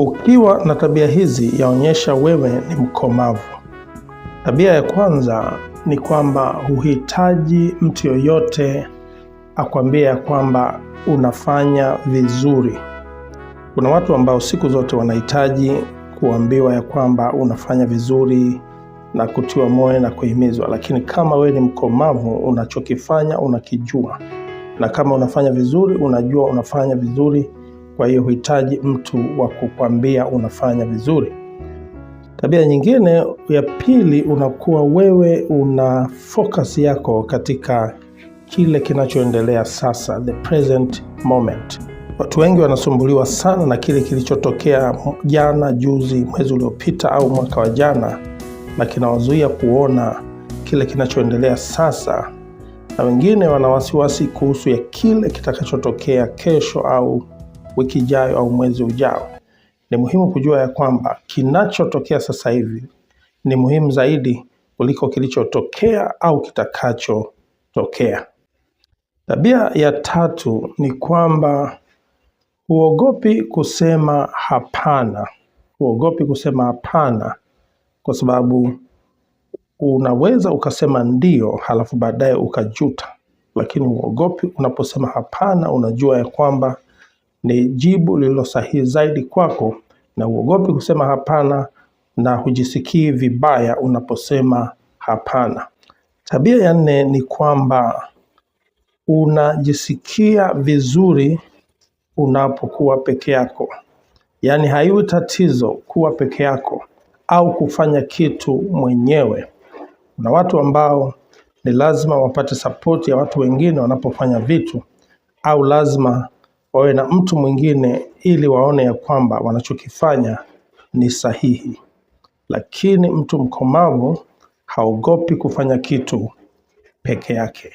Ukiwa na tabia hizi, yaonyesha wewe ni mkomavu. Tabia ya kwanza ni kwamba huhitaji mtu yoyote akwambie ya kwamba unafanya vizuri. Kuna watu ambao siku zote wanahitaji kuambiwa ya kwamba unafanya vizuri na kutiwa moyo na kuhimizwa, lakini kama wewe ni mkomavu, unachokifanya unakijua, na kama unafanya vizuri unajua unafanya vizuri kwa hiyo huhitaji mtu wa kukwambia unafanya vizuri. Tabia nyingine ya pili, unakuwa wewe una focus yako katika kile kinachoendelea sasa, the present moment. Watu wengi wanasumbuliwa sana na kile kilichotokea jana, juzi, mwezi uliopita au mwaka wa jana, na kinawazuia kuona kile kinachoendelea sasa, na wengine wana wasiwasi kuhusu ya kile kitakachotokea kesho au wiki ijayo au mwezi ujao, ni muhimu kujua ya kwamba kinachotokea sasa hivi ni muhimu zaidi kuliko kilichotokea au kitakachotokea. Tabia ya tatu ni kwamba huogopi kusema hapana. Huogopi kusema hapana kwa sababu unaweza ukasema ndio halafu baadaye ukajuta, lakini huogopi. Unaposema hapana, unajua ya kwamba ni jibu lililo sahihi zaidi kwako, na uogopi kusema hapana na hujisikii vibaya unaposema hapana. Tabia ya nne ni kwamba unajisikia vizuri unapokuwa peke yako, yaani haiwi tatizo kuwa peke yako au kufanya kitu mwenyewe. Kuna watu ambao ni lazima wapate sapoti ya watu wengine wanapofanya vitu, au lazima wawe na mtu mwingine, ili waone ya kwamba wanachokifanya ni sahihi. Lakini mtu mkomavu haogopi kufanya kitu peke yake.